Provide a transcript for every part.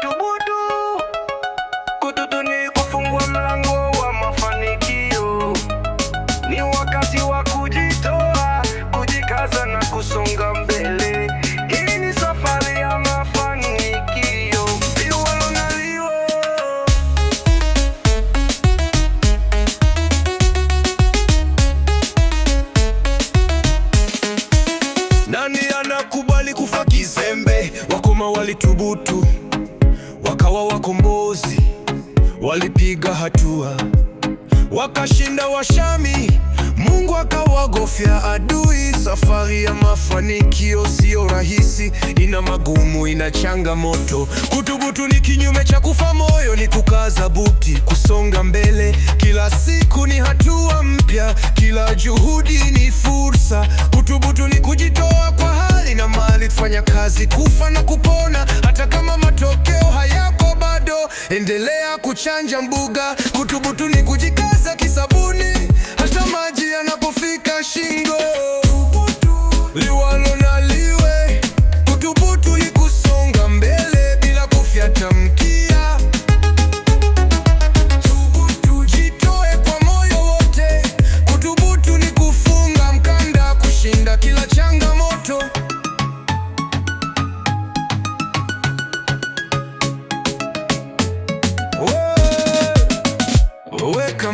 Tubutu kututu ni kufungua mlango wa mafanikio, ni wakati wa kujitoa, kujikaza na kusonga mbele. Hii ni safari ya mafanikio. Liwalonaliwe nani anakubali kufa kizembe? Wakoma walitubutu hawa wakombozi, walipiga hatua, wakashinda Washami. Mungu akawagofya adui. Safari ya mafanikio siyo rahisi, ina magumu, ina changamoto. kutubutu ni kinyume cha kufa moyo, ni kukaza buti, kusonga mbele. Kila siku ni hatua mpya, kila juhudi ni fursa. kutubutu ni kujitoa kwa hali na mali, kufanya kazi, kufa na kupona, hata kama matokeo hayako bado endelea kuchanja mbuga, kutubutu ni kujikaza.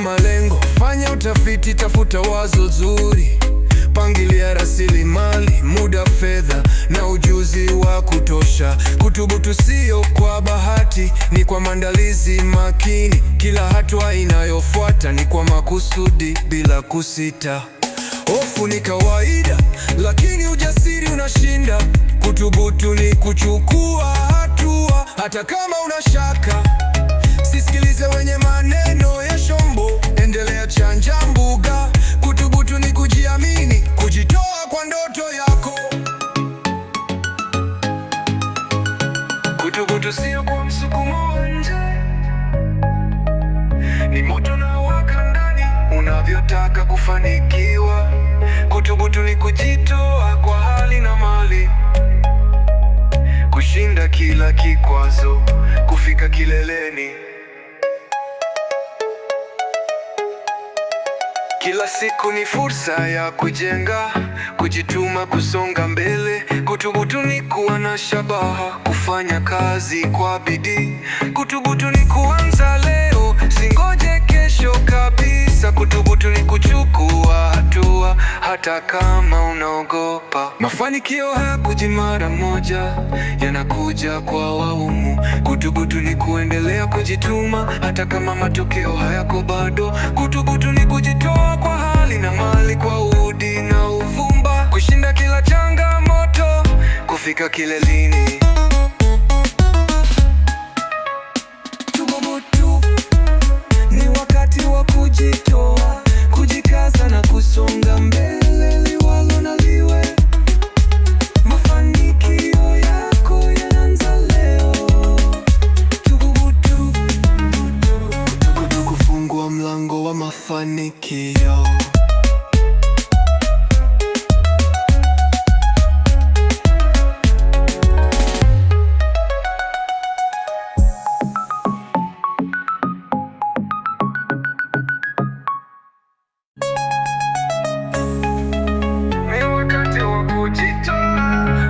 malengo, fanya utafiti, tafuta wazo zuri, pangilia rasilimali, muda, fedha na ujuzi wa kutosha. Kutubutu sio kwa bahati, ni kwa maandalizi makini. Kila hatua inayofuata ni kwa makusudi, bila kusita. Hofu ni kawaida, lakini ujasiri unashinda. Kutubutu ni kuchukua hatua, hata kama unashaka. Sisikilize wenye maneno ya shombo Kutokota sio kwa msukumo wa nje, ni moto na waka ndani unavyotaka kufanikiwa. Kuthubutu ni kujitoa kwa hali na mali, kushinda kila kikwazo, kufika kileleni. Kila siku ni fursa ya kujenga, kujituma, kusonga mbele. kutubutu ni kuwa na shabaha, kufanya kazi kwa bidii. kutubutu ni kuanza leo, singoje kesho kabisa. kutubutu ni kuchukua hatua, hata kama unaogopa. Mafanikio hayakuji mara moja, yanakuja kwa waumu. kutubutu ni kuendelea kujituma, hata kama matokeo hayako bado Tumefika kilelini, tumubutu, ni wakati wa kujitoa, kujikaza na kusonga mbele, liwalo na liwe. Mafanikio yako yanza leo, tumubutu, kufungua mlango wa mafanikio.